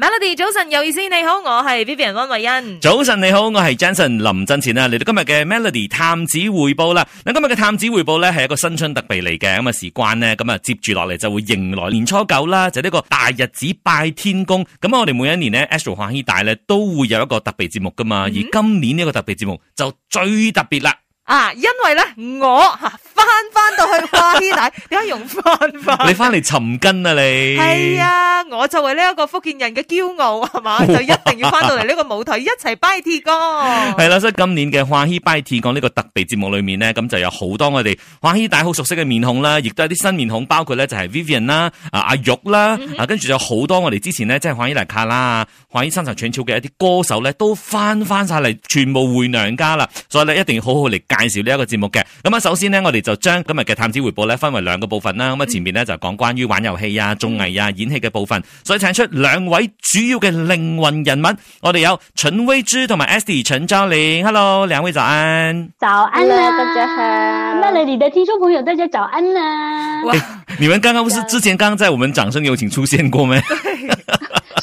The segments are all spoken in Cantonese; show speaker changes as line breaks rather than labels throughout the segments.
Melody，早晨有意思，你好，我係 Vivian 溫慧欣。
早晨你好，我係 Johnson 林振前啊，嚟到今日嘅 Melody 探子回報啦。嗱，今日嘅探子回報咧係一個新春特備嚟嘅，咁啊事關呢，咁啊接住落嚟就會迎來年初九啦，就係呢個大日子拜天公。咁我哋每一年呢 Astro 歡喜台咧都會有一個特別節目噶嘛，而今年呢個特別節目就最特別啦。Mm hmm.
啊，因為咧，我翻翻到去花衣帶，點解用翻翻？你翻
嚟尋根啊！你係啊，
我作為呢一個福建人嘅驕傲，係嘛，就一定要翻到嚟呢個舞台一齊拜天公。
係啦， 所以今年嘅花衣拜天公呢個特別節目裏面咧，咁就有好多我哋花衣帶好熟悉嘅面孔啦，亦都係啲新面孔，包括咧就係 Vivian 啦，啊，啊阿玉啦，嗯、哼啊跟住就有好多我哋之前咧即係花衣帶卡啦。關於生產取超嘅一啲歌手咧，都翻翻晒嚟，全部回娘家啦。所以咧，一定要好好嚟介紹呢一個節目嘅。咁啊，首先呢，我哋就將今日嘅探子回報咧，分為兩個部分啦。咁啊，前面咧就講關於玩遊戲啊、綜藝啊、演戲嘅部分。所以請出兩位主要嘅靈魂人物，我哋有陳威之同埋 Esty 陳昭玲。Hello，兩位早安。
早安啦，大家好。你哋嘅聽眾朋友，大家早安啦。
哇，你們剛剛不是之前剛剛在我們掌聲有請出現過咩？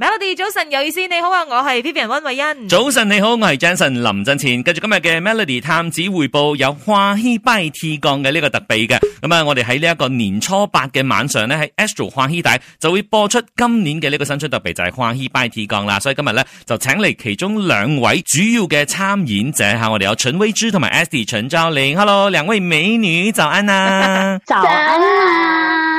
Melody 早晨有意思，你好啊，我係 Vivian 溫慧欣。早
晨你好，我係 Jason 林振前。繼續今日嘅 Melody 探子回報，有《歡喜拜天公》嘅呢個特備嘅。咁、嗯、啊，我哋喺呢一個年初八嘅晚上呢，喺 Astro 歡喜台就會播出今年嘅呢個新出特備就係、是《歡喜拜天公》啦。所以今日咧就請嚟其中兩位主要嘅參演者吓，我哋有陳薇珠同埋 Astrid 陳昭玲。Hello，兩位美女早安啊！
早安啊！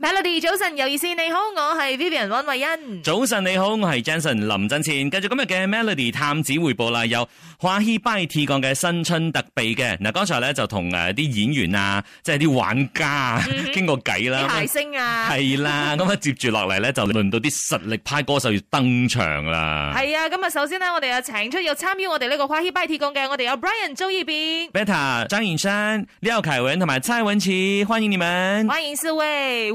Melody 早晨有意思，你好，我係 Vivian 溫慧欣。
早晨你好，我係 Jason 林振前。繼續今日嘅 Melody 探子回報啦，有《歡喜拜天公》嘅新春特備嘅嗱，剛才咧就同誒啲演員啊，即係啲玩家傾、嗯、過偈啦，大諧、嗯、
星啊，係、嗯、
啦，咁啊、 嗯、接住落嚟咧就輪到啲實力派歌手要登場啦。係
啊，咁啊首先呢，我哋啊請出有參與我哋呢、這個《歡喜拜天公》嘅，我哋有 Brian 周毅斌、
Beta 張穎山、廖凱文同埋蔡文琪，歡迎你們，
歡迎四位。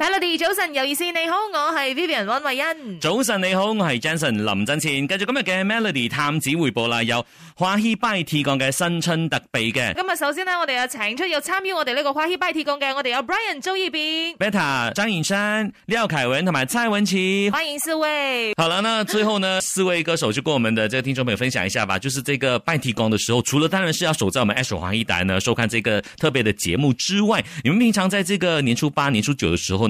Melody，早晨有意思，你好，我係 Vivian 溫慧欣。
早晨你好，我係 Jason 林振前。繼續今日嘅 Melody 探子回報啦，有歡喜拜天公嘅新春特備嘅。今
日首先呢，我哋有請出有參與我哋呢個歡喜拜天公嘅，我哋有 Brian 周一變、
Beta 張穎珊、廖凱文同埋蔡文琪，歡
迎四位。好了
呢，那最後呢， 四位歌手就跟我們的這個聽眾朋友分享一下吧。就是這個拜天公嘅時候，除了當然是要守在我們 Astro 歡喜台呢收看這個特別的節目之外，你們平常在這個年初八、年初九嘅時候。